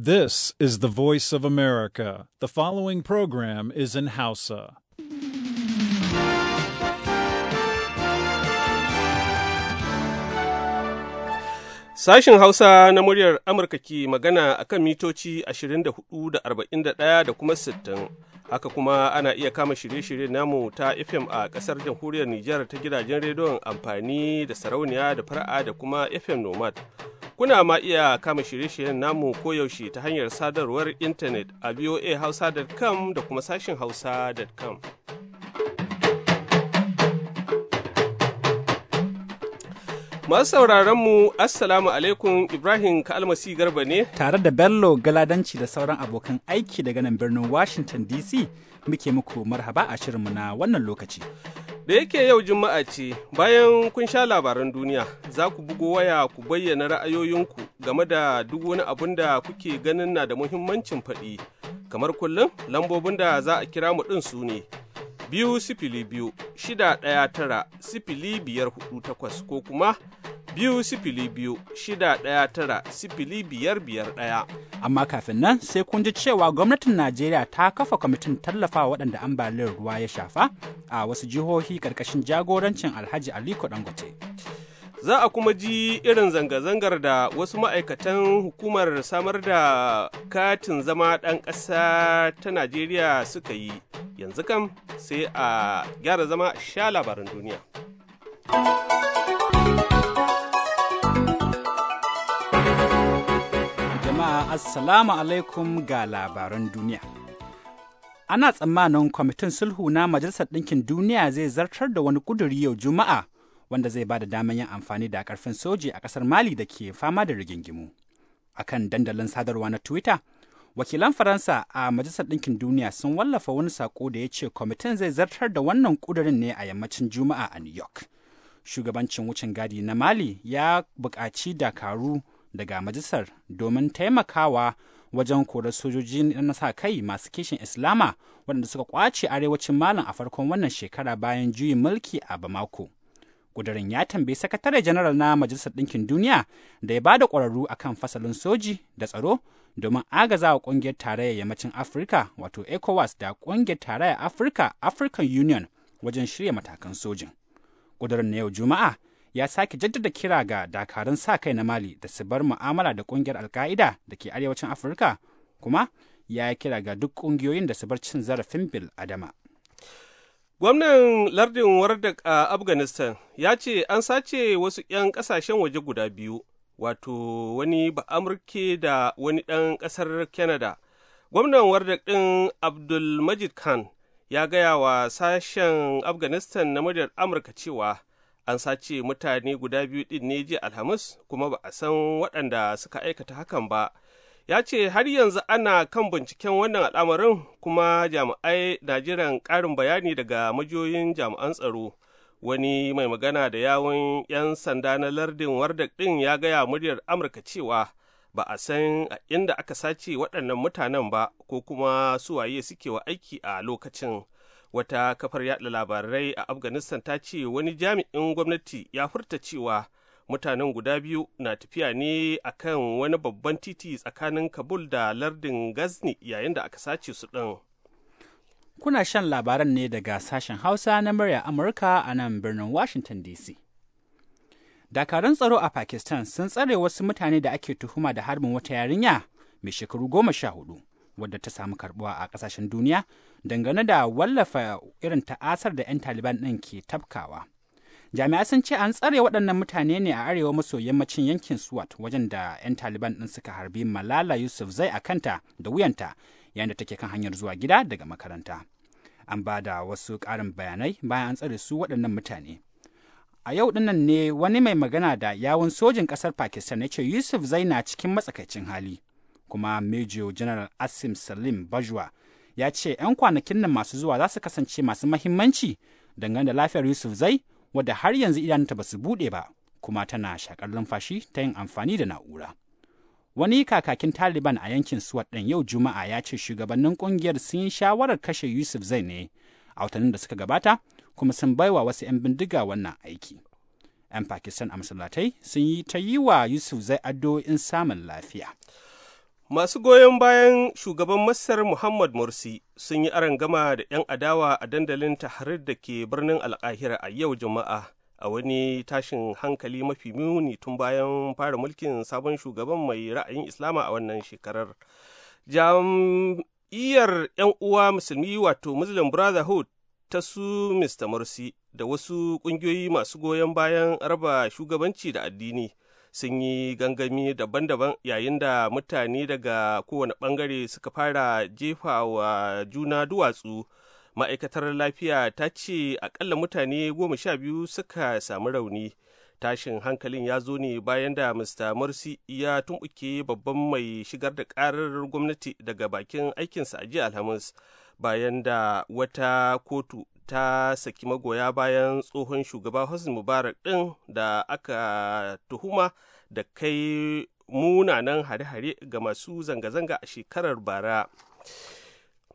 This is the voice of America. The following program is in Hausa. Sashen Hausa na muryar Amurka ke magana a kan mitoci 24 da 41 da kuma 60. Haka kuma ana iya kama shirye-shirye namu ta FM a ƙasar jamhuriyar Nijar ta gidajen rediyon amfani da sarauniya da fara'a da kuma FM Nomad. Kuna ma iya kama shirye-shiryen namu koyaushe ta hanyar sadarwar intanet a voahausa.com da kuma sashin hausa.com. Masu sauraron mu Assalamu alaikum Ibrahim Kalmasi Garba ne. Tare da Bello Galadanci da sauran abokan aiki daga nan birnin Washington DC muke muku marhaba a shirinmu na wannan lokaci. Da yake yau Juma'a ce, bayan kun sha labaran duniya, za ku bugo waya ku bayyana ra'ayoyinku game da duk wani abun da kuke ganin na da muhimmancin faɗi. Kamar kullum, lambobin da za a kira mu ɗin su ne. Biyu sifili biyu, shida ɗaya tara, sifili biyar hudu takwas ko kuma biyu sifili biyu shida ɗaya tara sifili biyar biyar ɗaya. Amma kafin nan sai kun ji cewa gwamnatin Najeriya ta kafa kwamitin tallafa waɗanda ambaliyar ruwa ya shafa a wasu jihohi ƙarƙashin jagorancin Alhaji Aliko Dangote. Za a kuma ji irin zanga-zangar da wasu ma'aikatan hukumar samar da katin zama ɗan ƙasa ta Najeriya suka yi. Yanzu kam sai a gyara zama sha labaran duniya. jama'a assalamu alaikum ga labaran duniya ana tsammanin kwamitin sulhu na majalisar ɗinkin duniya zai zartar da wani ƙuduri yau juma'a wanda zai ba da damar yin amfani da ƙarfin soji a ƙasar mali da ke fama da rigingimu a kan dandalin sadarwa na twitter wakilan faransa a majalisar ɗinkin duniya sun wallafa wani sako da ya ce kwamitin zai zartar da wannan ƙudurin ne a yammacin juma'a a new york shugabancin wucin gadi na mali ya buƙaci dakaru daga majalisar domin taimakawa wajen korar sojoji na sa kai masu kishin islama waɗanda suka kwace arewacin malam a farkon wannan shekara bayan juyin mulki a bamako ƙudurin ya tambayi sakatare janaral na majalisar ɗinkin duniya da ya bada ƙwararru a kan fasalin soji da tsaro domin agaza wa ƙungiyar tarayyar yammacin afirka wato ecowas da ƙungiyar tarayyar afirka african union wajen shirya matakan sojin ƙudurin na yau juma'a ya sake jaddada kira ga dakarun sa kai na Mali da su bar mu'amala da kungiyar Alka'ida da ke arewacin Afirka kuma ya yi kira ga duk kungiyoyin da su bar cin zarafin bil adama. Gwamnan lardin Wardak a Afghanistan ya ce an sace wasu 'yan kasashen waje guda biyu, wato wani ba'amurke da wani ɗan ƙasar Canada. Gwamnan Wardak ɗin Abdulmajid Khan ya gaya wa sashen Afghanistan na muryar Amurka cewa an sace mutane guda biyu ɗin ne ji alhamis kuma ba a san waɗanda suka aikata hakan ba ya ce har yanzu ana kan binciken wannan al'amarin kuma jami'ai na jiran ƙarin bayani daga majiyoyin jami'an tsaro wani mai magana da yawon 'yan sanda na lardin wardak ɗin ya gaya muryar amurka cewa ba a san inda aka sace waɗannan mutanen ba ko kuma suwaye suke wa aiki a lokacin wata kafar yada labarai a afghanistan ta ce wani jami'in gwamnati ya furta cewa mutanen guda biyu na tafiya ne a kan wani babban titi tsakanin kabul da lardin gazni yayin da aka sace su ɗin kuna shan labaran ne daga sashen hausa na murya amurka a nan birnin washington dc dakarun tsaro a pakistan sun tsare wasu mutane da ake tuhuma da harbin wata yarinya mai shekaru goma sha hudu wadda ta samu karbuwa a kasashen duniya dangane da wallafa irin ta'asar da 'yan taliban ɗin ke tafkawa jami'ai sun ce an tsare waɗannan mutane ne a arewa maso yammacin yankin Suwat, wajen da 'yan taliban ɗin suka harbi malala yusuf zai a kanta da wuyanta yayin da take kan hanyar zuwa gida daga makaranta an ba da wasu ƙarin bayanai bayan an tsare su waɗannan mutane a yau dinnan ne wani mai magana da yawun sojin ƙasar pakistan ya ce yusuf zai na cikin matsakaicin hali kuma major general asim salim bajwa ya ce 'yan kwanakin nan masu zuwa za su kasance masu mahimmanci dangane da lafiyar yusuf zai wadda har yanzu idanunta ba su buɗe ba kuma tana shakar lumfashi ta yin amfani da na'ura wani kakakin taliban a yankin suwat ɗin yau juma'a ya ce shugabannin ƙungiyar sun yi shawarar kashe yusuf zai ne a watannin da suka gabata kuma sun baiwa wasu 'yan bindiga wannan aiki 'yan pakistan a masallatai sun yi ta yi wa yusuf zai addu'o'in samun lafiya Masu goyon bayan shugaban Masar Muhammad Morsi sun yi gama da 'yan adawa a dandalin taharar da ke birnin Al'ahira a yau Juma'a a wani tashin hankali mafi muni tun bayan fara mulkin sabon shugaban mai ra'ayin Islama a wannan shekarar. Jam'iyyar 'yan uwa musulmi wato Muslim Brotherhood ta su Mr. Morsi da wasu ƙungiyoyi masu goyon bayan raba shugabanci da addini. sun yi gangami daban-daban yayin da mutane daga kowane ɓangare suka fara jefa wa juna duwatsu ma'aikatar lafiya ta ce akalla mutane goma sha biyu suka samu rauni tashin hankalin ya zo ne bayan da mr morsi ya tumɓuke babban mai shigar da ƙarar gwamnati daga bakin aikinsa a jiya alhamis bayan da wata kotu ta saki magoya bayan tsohon shugaba Hosni Mubarak ɗin da aka tuhuma da kai munanan hare-hare ga masu zanga-zanga a shekarar bara.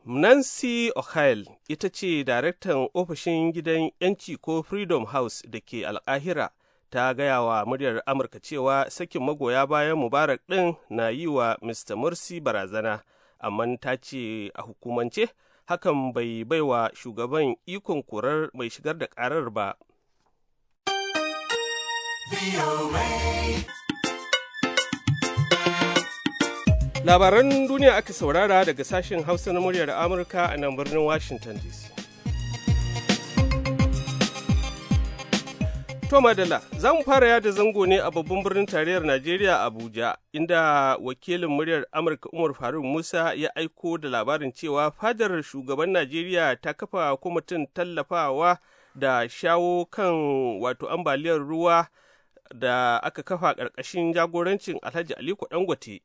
Nancy ohail ita ce daraktan ofishin gidan 'yanci ko Freedom House da ke alkahira ta gaya wa muryar Amurka cewa sakin magoya bayan Mubarak ɗin na yi wa Mr. Morsi barazana, amma ta ce a hukumance hakan bai baiwa shugaban ikon korar mai shigar da karar ba. Labaran duniya aka saurara daga sashen Hausa na muryar Amurka a nan birnin Washington DC. To Madalla, za mu fara yada zango ne a babban birnin tarayyar Najeriya Abuja, inda wakilin muryar Amurka Umar Faruk Musa ya aiko da labarin cewa fadar shugaban Najeriya ta kafa kwamitin tallafawa da shawo kan wato ambaliyar ruwa da aka kafa ƙarƙashin jagorancin Alhaji Aliko Dangote.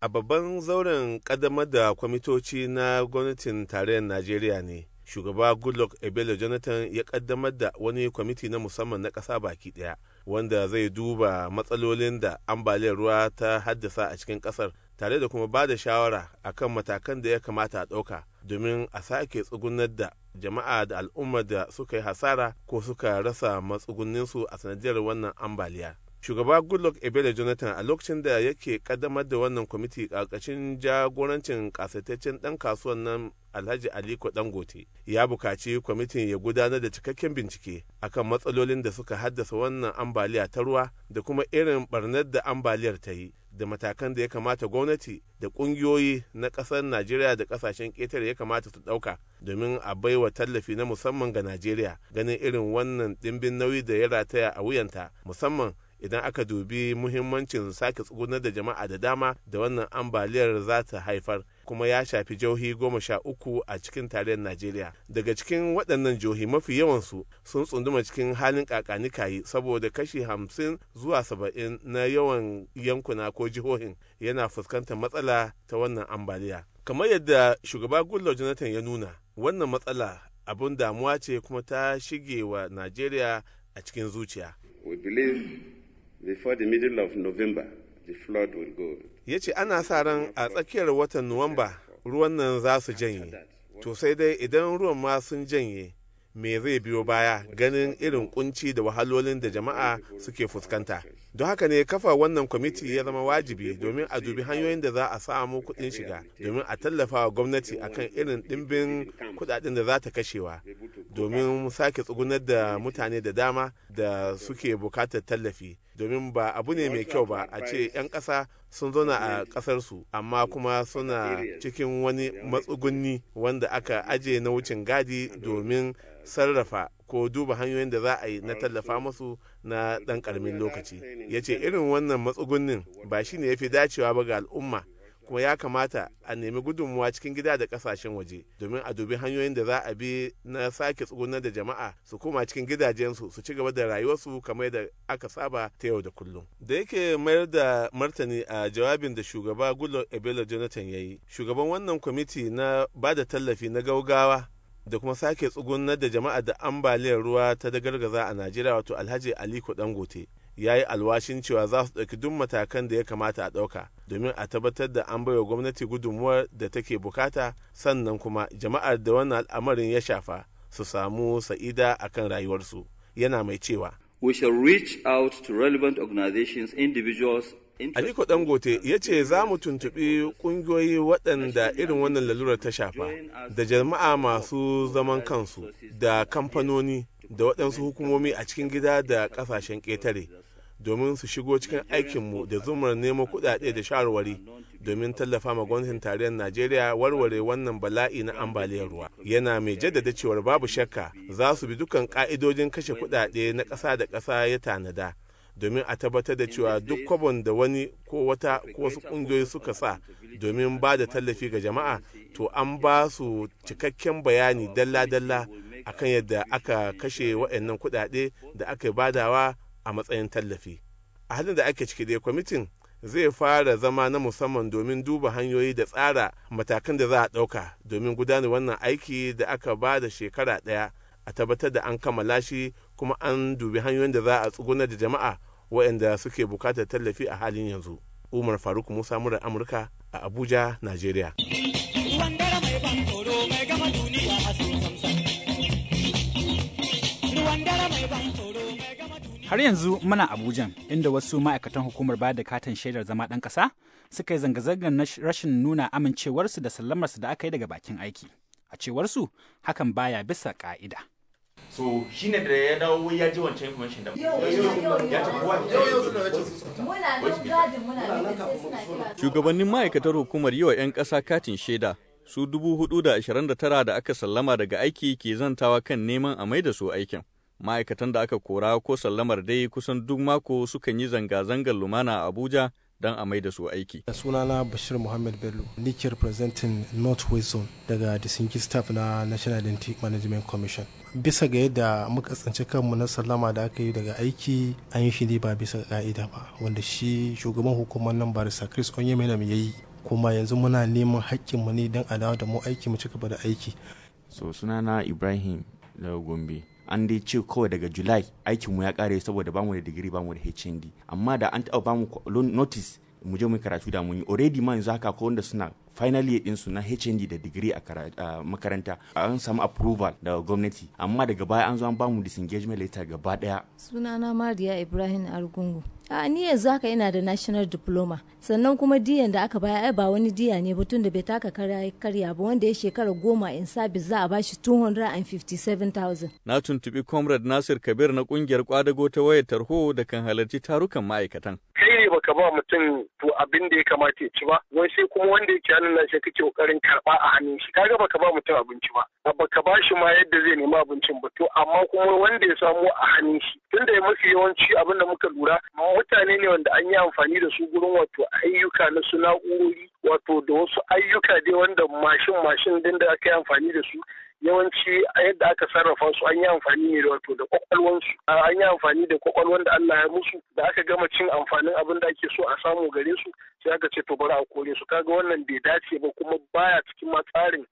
A babban zauren ƙaddamar da kwamitoci na gwamnatin tarayyar Najeriya ne. shugaba goodluck ebele jonathan ya kaddamar da wani kwamiti na musamman na ƙasa baki ɗaya wanda zai duba matsalolin da ambaliyar ruwa ta haddasa a cikin ƙasar tare da kuma ba da shawara kan matakan da ya kamata a ɗauka domin a sake tsugunar da jama'a da al'ummar da suka yi hasara ko suka rasa matsugunninsu a sanadiyar wannan ambaliyar shugaba goodluck ebele jonathan a lokacin da yake kaddamar da wannan kwamiti karkashin jagorancin kasataccen dan kasuwan nan alhaji aliko dangote ya bukaci kwamitin ya gudanar da cikakken bincike akan matsalolin da suka haddasa wannan ambaliya ta ruwa da kuma irin barnar da ambaliyar ta yi da matakan da ya kamata gwamnati da kungiyoyi na ƙasar najeriya da ƙasashen ƙetare ya kamata su ɗauka domin a baiwa tallafi na musamman ga najeriya ganin irin wannan dimbin nauyi da ya rataya a wuyanta musamman idan aka dubi muhimmancin sake tsugunar da jama'a da dama da wannan ambaliyar za ta haifar kuma ya shafi jihohi goma sha uku a cikin tarayyar najeriya daga cikin waɗannan jihohi mafi yawansu sun tsunduma cikin halin kayi saboda kashi hamsin zuwa saba'in na yawan yankuna ko jihohin yana fuskantar matsala ta wannan ambaliya kamar yadda shugaba gullo jonathan ya nuna wannan matsala abun damuwa ce kuma ta shige wa najeriya a cikin zuciya we believe Before the middle of November, the flood will go. Ya ce ana sa ran a tsakiyar watan Nuwamba ruwan nan za su janye. To sai dai idan ruwan ma sun janye, me zai biyo baya ganin irin kunci da wahalolin da jama'a suke fuskanta don haka ne kafa wannan kwamiti ya zama wajibi domin a dubi hanyoyin da za a samu kuɗin shiga domin a tallafa wa gwamnati akan irin ɗimbin kuɗaɗen da za ta kashewa domin sake tsugunar da mutane da dama da suke bukatar tallafi domin ba abu ne mai kyau ba a ce 'yan ƙasa sun zauna a ƙasarsu amma kuma suna cikin wani matsugunni wanda aka aje na wucin gadi domin sarrafa ko duba hanyoyin da za a yi na tallafa musu na ɗan ƙaramin lokaci ya ce irin wannan matsugunnin ba shi ne ya fi dacewa ba ga al'umma kuma ya kamata a nemi gudunmuwa cikin gida da kasashen waje domin a dubi hanyoyin da za a bi na sake tsugunar da jama'a su koma cikin gidajensu su ci gaba da rayuwarsu kamar da aka saba ta yau da kullum da yake mayar da martani a jawabin da shugaba goodluck ebelo jonathan ya yi shugaban wannan kwamiti na ba da tallafi na gaugawa da kuma sake tsugunar da jama'a da ambaliyar ruwa ta da gargaza a najeriya wato alhaji aliko dangote ya yi alwashin cewa za su ɗauki duk matakan da ya kamata a ɗauka domin a tabbatar da an baiwa gwamnati gudunmuwar da take bukata sannan kuma jama'ar da wannan al'amarin ya shafa su samu sa'ida a kan rayuwarsu yana mai cewa we shall reach out to relevant organizations individuals Aliko Dangote ya ce za mu tuntuɓi ƙungiyoyi waɗanda irin wannan lalurar ta shafa da jama'a masu zaman kansu da kamfanoni da waɗansu hukumomi a cikin gida da ƙasashen ƙetare domin su shigo cikin aikinmu da zumar nemo kuɗaɗe da shawarwari domin tallafa ma gwamnatin tarayyar najeriya warware wannan bala'i na ambaliyar ruwa yana mai jaddada cewar babu shakka za su bi dukkan ka'idojin kashe kuɗaɗe na ƙasa da ƙasa ya tanada domin a tabbatar da cewa duk kwabon da wani ko wata ko wasu ƙungiyoyi suka sa domin ba da tallafi ga jama'a to an ba su cikakken bayani dalla-dalla akan yadda aka kashe waɗannan kuɗaɗe da aka badawa a matsayin tallafi a halin da ake ciki dai kwamitin zai fara zama na musamman domin duba hanyoyi da tsara matakan da za a ɗauka domin gudanar wannan aiki da aka ba da shekara ɗaya a tabbatar da an kammala shi kuma an dubi hanyoyin da za a tsuguna da jama'a waɗanda suke bukatar tallafi a halin yanzu umar faruk musa murar amurka a abuja najeriya Har yanzu muna Abuja inda wasu ma'aikatan hukumar bayar da katin shaidar zama dan ƙasa suka yi zanga-zangar na rashin nuna amincewarsu da sallamarsu da aka yi daga bakin aiki. A cewarsu hakan baya bisa ka'ida. So shi da ya dawo ya ji wancan information da Shugabannin ma'aikatar hukumar yi wa 'yan ƙasa katin shaida su dubu hudu da da da aka sallama daga aiki ke zantawa kan neman a maida su aikin. ma'aikatan da aka kora ko sallamar dai kusan duk mako sukan yi zanga-zangar lumana a abuja don a mai da su aiki. da sunana bashir muhammad bello nike representing north west zone daga disinki staff na national identity management commission bisa ga yadda muka tsance kanmu na sallama da aka yi daga aiki an yi shi ne ba bisa ka'ida ba wanda shi shugaban hukumar nan barisa chris onyemena ya yi kuma yanzu muna neman haƙƙinmu ne don a dawo da mu aiki mu ci gaba da aiki. so sunana ibrahim daga gombe an dai ce kawai daga july mu ya kare saboda bamu da digiri bamu da hnd amma da an taba bamu notice mu je mu karatu da mun yi already man yanzu haka ko wanda suna final year din su na HND da digiri a makaranta an samu approval daga gwamnati amma daga baya an zo an bamu disengagement letter gaba daya sunana Mariya Ibrahim Argungu a ni yanzu haka yana da national diploma sannan kuma diyan da aka baya ai ba wani diya ne tun da bai taka karya ba wanda ya shekara goma in sabis za a bashi 257,000 na tuntubi comrade nasir kabir na kungiyar kwadago ta wayar tarho da kan halarci tarukan ma'aikatan kai baka ba mutum to abin da ya kamata ya ci ba wai sai kuma wanda yake hannun na sai kake kokarin karba a hannun shi kaga baka ba mutum abinci ba baka ba shi ma yadda zai nemi abincin ba to amma kuma wanda ya samu a hannun shi tunda ya mafi yawanci abin da muka lura mutane ne wanda an yi amfani da su gurin wato ayyuka na su na'urori wato da wasu ayyuka dai wanda mashin mashin din da aka yi amfani da su yawanci yadda aka sarrafa su an yi amfani ne da wato da kwakwalwansu an yi amfani da kwakwalwan da Allah ya musu da aka gama cin amfanin abin da ake so a samu gare su sai aka ce to bari a kore su kaga wannan bai dace ba kuma baya cikin ma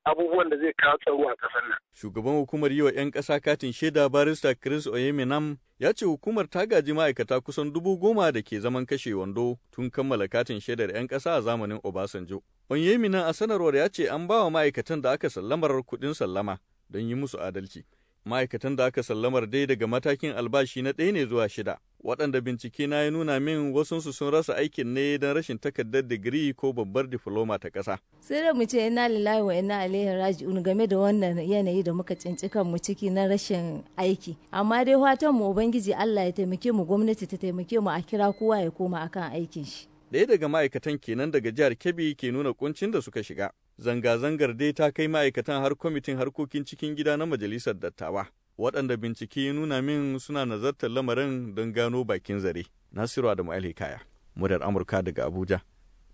abubuwan da zai kawo tsaro a kasar nan shugaban hukumar yi wa 'yan ƙasa katin shaida barista Chris Oyeminam ya ce hukumar ta gaji ma'aikata kusan dubu goma da ke zaman kashe wando tun kammala katin shaidar 'yan ƙasa a zamanin Obasanjo. Onyemina a sanarwar ya ce an ba wa ma'aikatan da aka sallamar kuɗin sallama don yi musu adalci. Ma'aikatan da aka sallamar dai daga matakin albashi na ɗaya ne zuwa shida, waɗanda bincike na ya nuna min wasunsu sun rasa aikin ne don rashin takardar digiri ko babbar difloma ta ƙasa. Sai da mu ce ina lillahi wa ina alaihi raji'un game da wannan yanayi da muka cinci mu ciki na rashin aiki. Amma dai fatan mu Ubangiji Allah ya taimake mu gwamnati ta taimake mu a kira kowa ya koma akan aikin shi. ɗaya daga ma'aikatan kenan daga jihar Kebbi ke nuna kuncin da suka shiga. Zanga-zangar dai ta kai ma'aikatan har kwamitin harkokin cikin gida na majalisar dattawa. Waɗanda bincike ya nuna min suna nazartar lamarin don gano bakin zare. Nasiru Adamu kaya, muryar Amurka daga Abuja,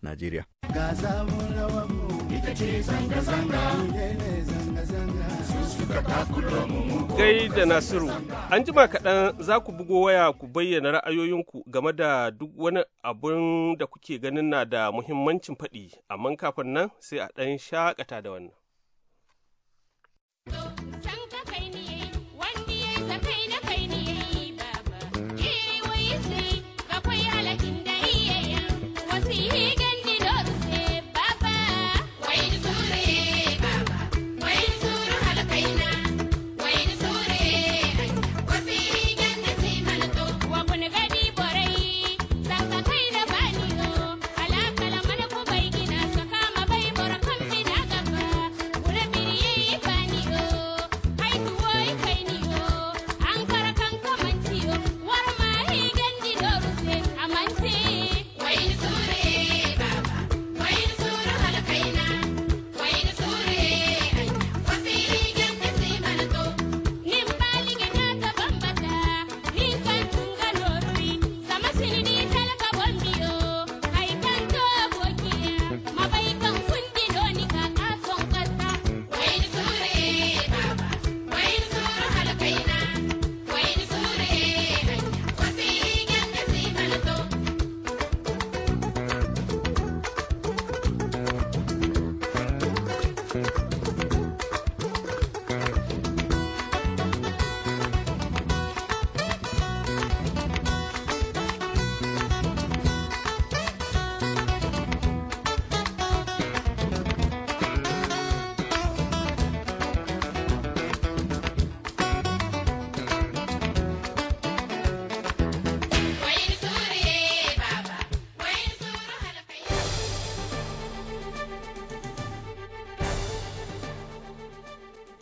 Najeriya. Ga Gai da Nasiru, an jima kaɗan za ku bugo waya ku bayyana ra'ayoyinku game da duk wani abun da kuke ganin na da muhimmancin faɗi, amma kafin nan sai a ɗan shakata da wannan.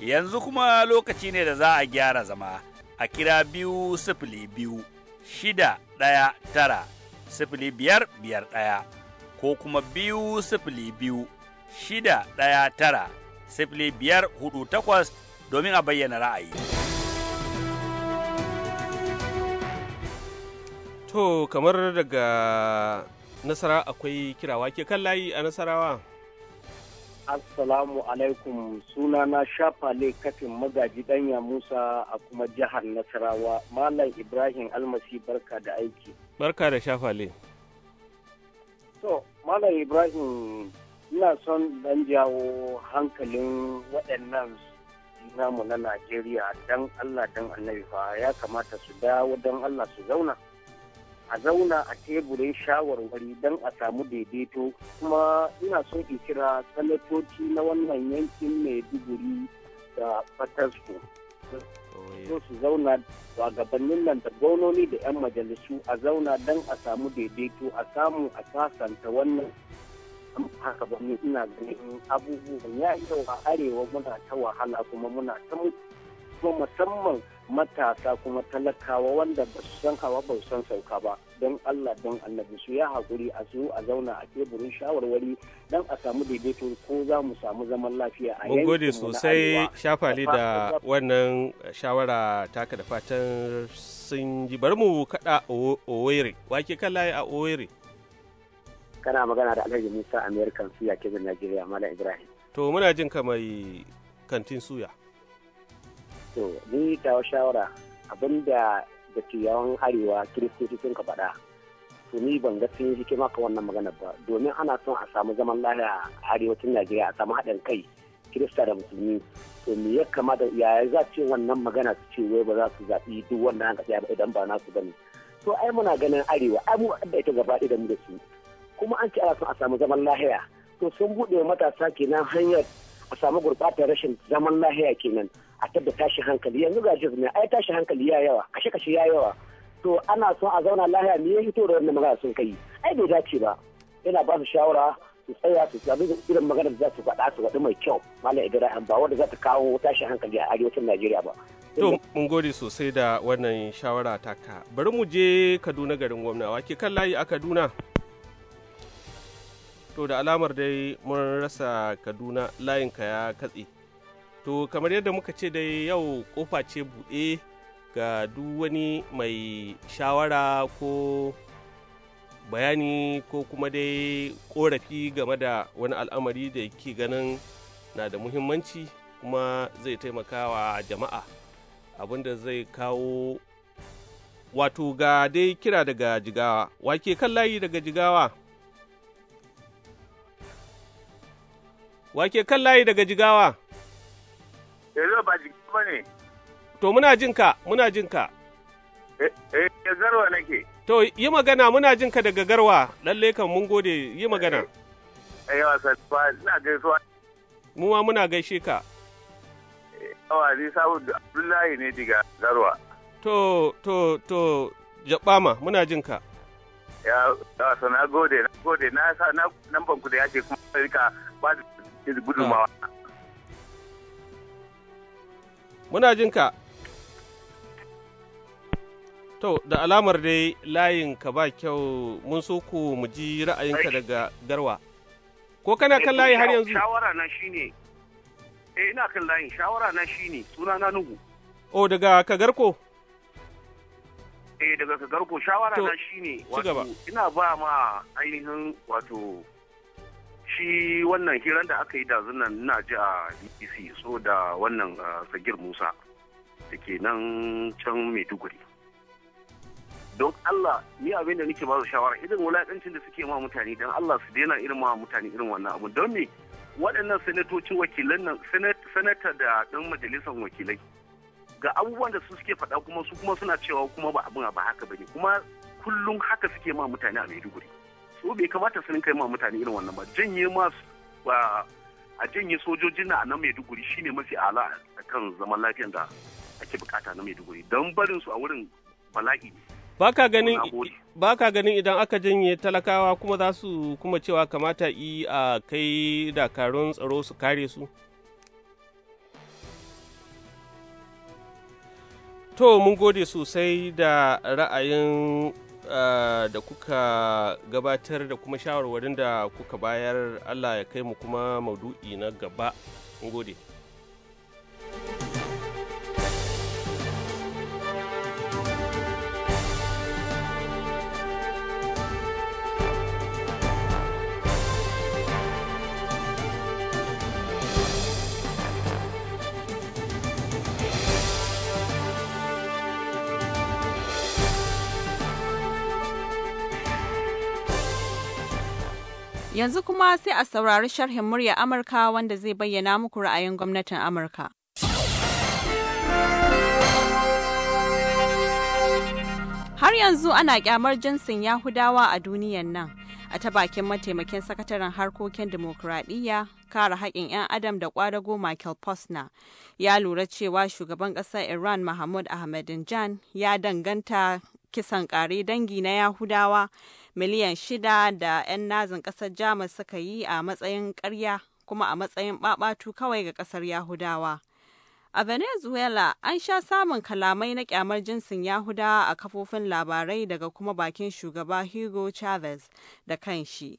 yanzu kuma lokaci ne da za a gyara zama a kira biyu sifili biyu shida ɗaya tara sifili biyar biyar ɗaya ko kuma biyu sifili biyu shida ɗaya tara sifili biyar hudu takwas domin a bayyana ra'ayi. To kamar daga nasara akwai kirawa ke kan layi a nasarawa. Assalamu alaikum suna sunana Shafale kafin magaji danya Musa a kuma jihar Nasarawa Malam Ibrahim Almasi barka da aiki. Barka da Shafale. so Malam Ibrahim ina son dan jawo hankalin waɗannan namu na Najeriya don Allah don annabi fa ya kamata su dawo don Allah su zauna. a zauna a teburin shawarwari don a samu daidaito kuma ina so in kira sanatoci na wannan yankin maiduguri da fatarsu so su zauna gabanin nan da gononi da 'yan majalisu a zauna don a samu daidaito a samu a sasanta wannan haka ba ina ganin abubuwan ya yi a arewa muna ta wahala kuma muna ta mutu kuma musamman matasa kuma talakawa wanda ba su san hawa ba su san sauka ba don Allah don annabi su ya haƙuri a su a zauna a teburin shawarwari don a samu daidaito ko za mu samu zaman lafiya a yankin gode sosai shafali da wannan shawara taka da fatan sun ji bari mu kada owerri wake layi a owere kana magana da alhaji musa american suya da nigeria mala ibrahim to muna jin kamar kantin suya to ni ta shawara abinda da tiyawan arewa kiristoci sun ka faɗa to ni ban ga sun yi maka wannan magana ba domin ana son a samu zaman lafiya a arewacin najeriya a samu haɗin kai kirista da musulmi to me ya kamata yaya za ce wannan magana su ce wai ba za su zaɓi duk wanda an ba idan ba nasu ne to ai muna ganin arewa ai mu da ita gaba da mu da su kuma an ce ana son a samu zaman lahiya to sun buɗe matasa kenan hanyar a samu gurɓatar rashin zaman lahiya kenan a tabba tashi hankali yanzu ga jiz ne ai tashi hankali ya yawa kashe kashe ya yawa to ana son a zauna lahiya ne ya hito da wannan magana sun kai ai bai dace ba yana ba su shawara su tsaya su zabi irin maganar da za su faɗa su faɗi mai kyau malam ibrahim ba wanda za ta kawo tashi hankali a arewacin najeriya ba to mun gode sosai da wannan shawara taka bari mu je kaduna garin gwamna wake kan layi a kaduna to da alamar dai mun rasa kaduna ka ya katse to kamar yadda muka ce dai yau kofa ce buɗe ga duk wani mai shawara ko bayani ko kuma dai ƙorafi game da wani al'amari da ke ganin na da muhimmanci kuma zai taimaka wa jama'a abinda zai kawo wato ga dai kira daga jigawa wake kan layi daga jigawa wake kan layi daga jigawa yanzu ba jiki ba ne. To muna jin ka, muna jin ka. Eh, eh, garwa nake. To yi magana muna jin ka daga garwa, lalle kan mun gode yi magana. Eh, eh yawa sarfa, ina gaisuwa. Mu ma muna gaishe ka. Eh, yawa ni sabu Abdullahi ne daga garwa. To, to, to, jabama muna jin ka. Ya, wato na gode, na gode, na sa na nan banku da ya ce kuma rika ba da gudunmawa. Ah. muna jin ka. To, da alamar dai layin ka ba kyau mun so ku mu ji ra'ayinka daga garwa. Ko kana kan layi har yanzu? Eh, shawara na shine. Eh ina kan layin shawara na shine suna na nugu. O oh, daga Kagarko? Eh daga Kagarko shawara na shine wato ina ba ma ainihin wato shi wannan hiran da aka yi da zunan na ji a bbc e so da wannan sagir musa da ke nan can maiduguri don allah ni abin da nake ba su shawara irin wulaƙancin da suke ma mutane don allah su daina irin ma mutane irin wannan abu don me waɗannan sanatocin wakilan nan sanata da ɗan majalisar wakilai ga abubuwan da su suke faɗa kuma su kuma suna cewa kuma ba abin ba haka bane kuma kullum haka suke ma mutane a maiduguri su bai kamata su rinka yi ma mutane irin wannan ba janye masu a janye sojojin na nan maiduguri shine mafi ala a kan zaman lafiyar da ake bukata na maiduguri don barin su a wurin bala'i baka ganin baka ganin idan aka janye talakawa kuma za su kuma cewa kamata yi a kai dakarun tsaro su kare su to mun gode sosai da ra'ayin Eh, da kuka gabatar da kuma shawarwarin da kuka bayar Allah ya kai mu kuma maudu'i na gaba. gode. Yanzu kuma sai a saurari sharhin murya Amurka wanda zai bayyana muku ra'ayin gwamnatin Amurka. Har yanzu ana kyamar jinsin Yahudawa a duniyan nan. A ta bakin mataimakin sakataren harkokin dimokuraɗiyya kare haƙƙin 'yan adam da ƙwadago Michael Posner ya lura cewa shugaban ƙasar Iran mahmud Ahmadinejad ya danganta kisan ƙare dangi na Yahudawa miliyan shida da 'yan nazin ƙasar jamus suka yi a matsayin ƙarya kuma a matsayin ɓaɓatu kawai ga ƙasar yahudawa a venezuela an sha samun kalamai na kyamar jinsin yahudawa a kafofin labarai daga kuma bakin shugaba hugo chavez da kanshi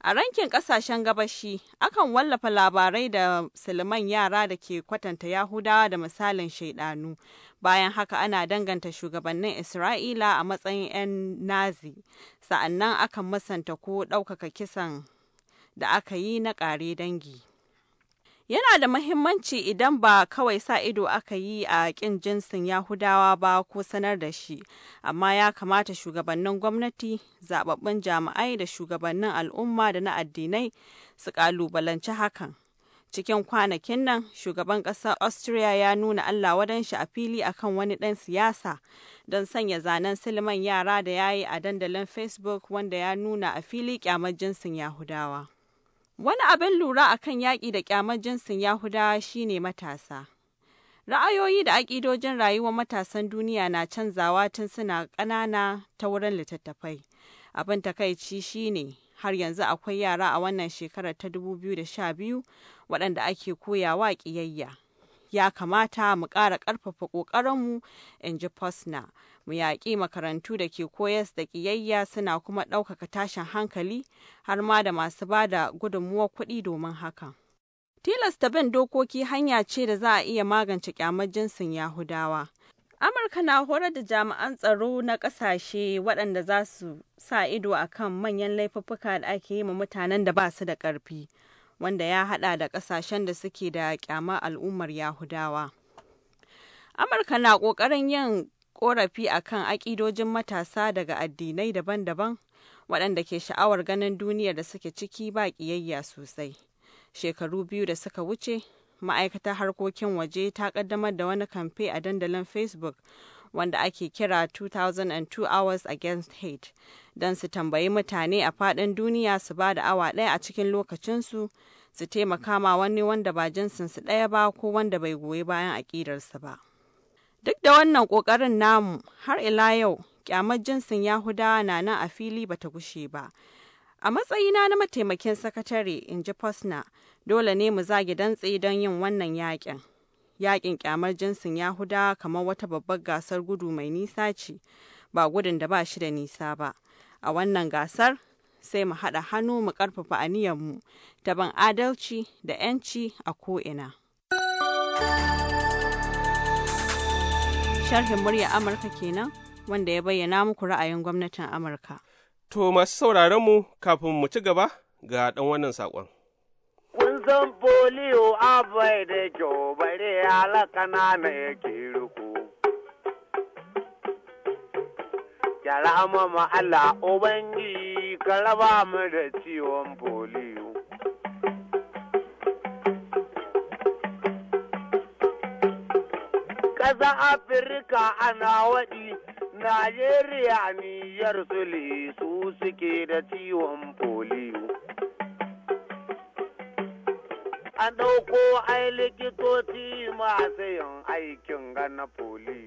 a rankin kasashen gabashi akan wallafa labarai da sulman yara da ke kwatanta yahudawa da misalin shaidanu bayan haka ana danganta shugabannin isra'ila a matsayin 'yan nazi sa'annan akan masanta ko ɗaukaka kisan da aka yi na ƙare dangi yana da mahimmanci idan ba kawai sa ido aka yi a ƙin jinsin yahudawa ba ko sanar da shi amma ya kamata shugabannin gwamnati zababbun jami'ai da shugabannin al'umma da na addinai su ƙalubalanci hakan Cikin kwanakin nan, shugaban ƙasar Austria ya nuna Allah wadan shi a fili akan wani ɗan siyasa don sanya zanen silman yara da ya yi a dandalin Facebook wanda ya nuna a fili kyamar jinsin Yahudawa. Wani abin lura akan yaƙi da kyamar jinsin Yahudawa shine matasa. Ra'ayoyi da aƙidojin rayuwar matasan duniya na canzawa tun suna ƙanana ta wurin littattafai. Abin takaici shine har yanzu akwai yara a wannan shekarar ta 2012 waɗanda ake koyawa ƙiyayya. Ya kamata mu ƙara ƙarfafa ƙoƙarinmu, in ji posna Mu yaƙi makarantu da ke koyas da ƙiyayya suna kuma ɗaukaka tashin hankali har ma da masu ba da gudunmuwar kuɗi domin hakan. Tilasta bin dokoki hanya ce da za a iya magance ƙyamar jinsin Yahudawa. Amurka na horar da jami'an tsaro na ƙasashe waɗanda za su sa ido a kan manyan laifuffuka da ake yi ma mutanen da ba su da ƙarfi, wanda ya haɗa da ƙasashen da suke da ƙyama al'ummar Yahudawa. Amurka na ƙoƙarin yin ƙorafi a kan aƙidojin matasa daga addinai daban-daban waɗanda ke sha'awar ganin duniya da suke ciki ba ƙiyayya sosai. Shekaru biyu da suka wuce, ma'aikatar harkokin waje ta kaddamar da wani kamfe a dandalin facebook wanda ake kira 2002 hours against hate don su tambayi mutane a faɗin duniya su ba da awa ɗaya a cikin lokacinsu su taimaka ma wani wanda ba jinsinsu ɗaya ba ko wanda bai goyi bayan aƙidarsu ba duk da wannan ƙoƙarin namu har ila yau kyamar jinsin yahudawa na nan a fili bata gushe ba a matsayina na mataimakin sakatare in ji fosna dole ne mu zagi dantse don yin wannan yakin. Yakin kyamar jinsin Yahuda kamar wata babbar gasar gudu mai nisa ce, ba gudun da ba shi da nisa ba. A wannan gasar sai mu haɗa hannu mu ƙarfafa aniyarmu ta ban adalci da 'yanci a ko'ina. Sharhin murya Amurka kenan wanda ya bayyana muku ra'ayin gwamnatin Amurka. To masu sauraron mu kafin mu ci gaba ga ɗan wannan saƙon. san foliyo abai da kyau bare alaka na yake ruku. Yara mama Allah Ubangiji ka raba mu da ciwon foliyo. Ƙasa Afirka ana waɗi, Najeriya niyar su su suke da ciwon foliyo. an ɗauko ai likitoci masu yin aikin gana poli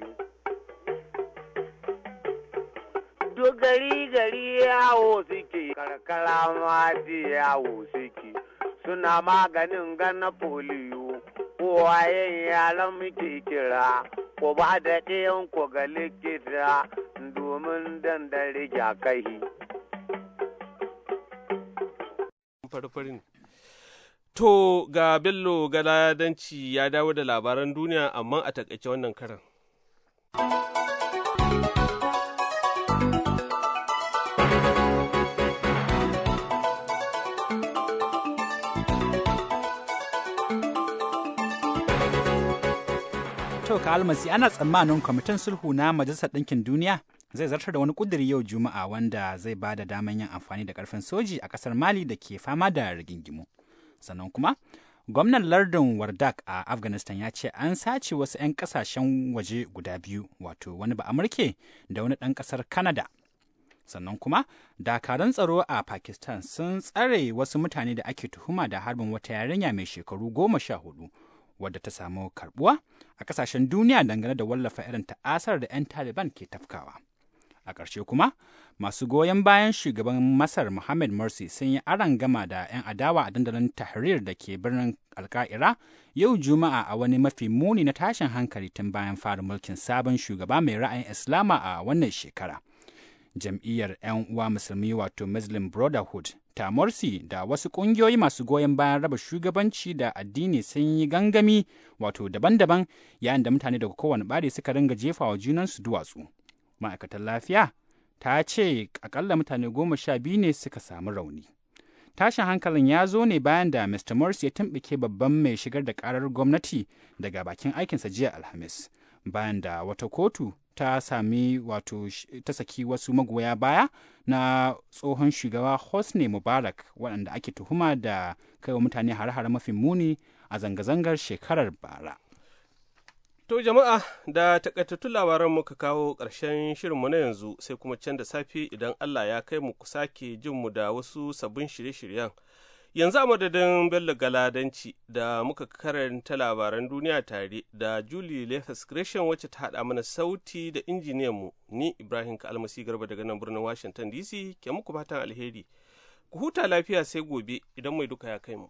Duk gari gari yawo suke karkara ma yawo suke suna maganin gana foliyo kowayen yaran muke kira ko ba da ɗayan ku ga likita domin dandare jakahi. Farfarin To ga Bello Galadanci ya dawo da labaran duniya amma a takaice wannan karan. To ka almasi ana tsammanin kwamitin sulhu na Majalisar Ɗinkin Duniya zai zartar da wani ƙudiri yau Juma'a wanda zai ba da daman yin amfani da ƙarfin soji a ƙasar Mali da ke fama da rigingimu. sannan kuma gwamnan lardin wardak a afghanistan ya ce an sace wasu 'yan kasashen waje guda biyu wato wani ba amurke da wani ɗan ƙasar canada sannan kuma dakarun tsaro a pakistan sun tsare wasu mutane da ake tuhuma da harbin wata yarinya mai shekaru goma sha hudu wadda ta samu karbuwa a kasashen duniya dangane da wallafa irin ta'asar da 'yan taliban ke tafkawa a ƙarshe kuma masu goyon bayan shugaban masar mohamed morsi sun yi aron gama da 'yan adawa a dandalin tahrir da ke birnin alka'ira yau juma'a a wani mafi muni na tashin hankali tun bayan fara mulkin sabon shugaba mai ra'ayin islama a wannan shekara jam'iyyar 'yan uwa musulmi wato muslim brotherhood ta morsi da wasu ƙungiyoyi masu goyon bayan raba shugabanci da addini sun yi gangami wato daban-daban yayin da mutane daga kowane ɓari suka ringa jefawa wa junansu duwatsu ma'aikatan lafiya ta ce akalla mutane goma sha biyu ne suka samu rauni tashin hankalin ya zo ne bayan da mr morris ya tumbike babban mai shigar da karar gwamnati daga bakin aikinsa jiya alhamis bayan da wata kotu ta sami wato ta saki wasu magoya baya na tsohon shugaba hosni mubarak waɗanda ake tuhuma da kaiwa mutane har-har mafi muni a zanga-zangar shekarar bara To jama'a da takaitattun labaran muka kawo ƙarshen shirinmu na yanzu sai kuma can da safe idan Allah ya kai mu ku sake jin mu da wasu sabbin shirye-shiryen. Yanzu a madadin Bello Galadanci da muka karanta labaran duniya tare da Julie Lefes Gresham wacce ta haɗa mana sauti da injiniyan mu ni Ibrahim Kalmasi Garba daga nan birnin Washington DC ke muku fatan alheri. Ku huta lafiya sai gobe idan mai duka ya kai mu.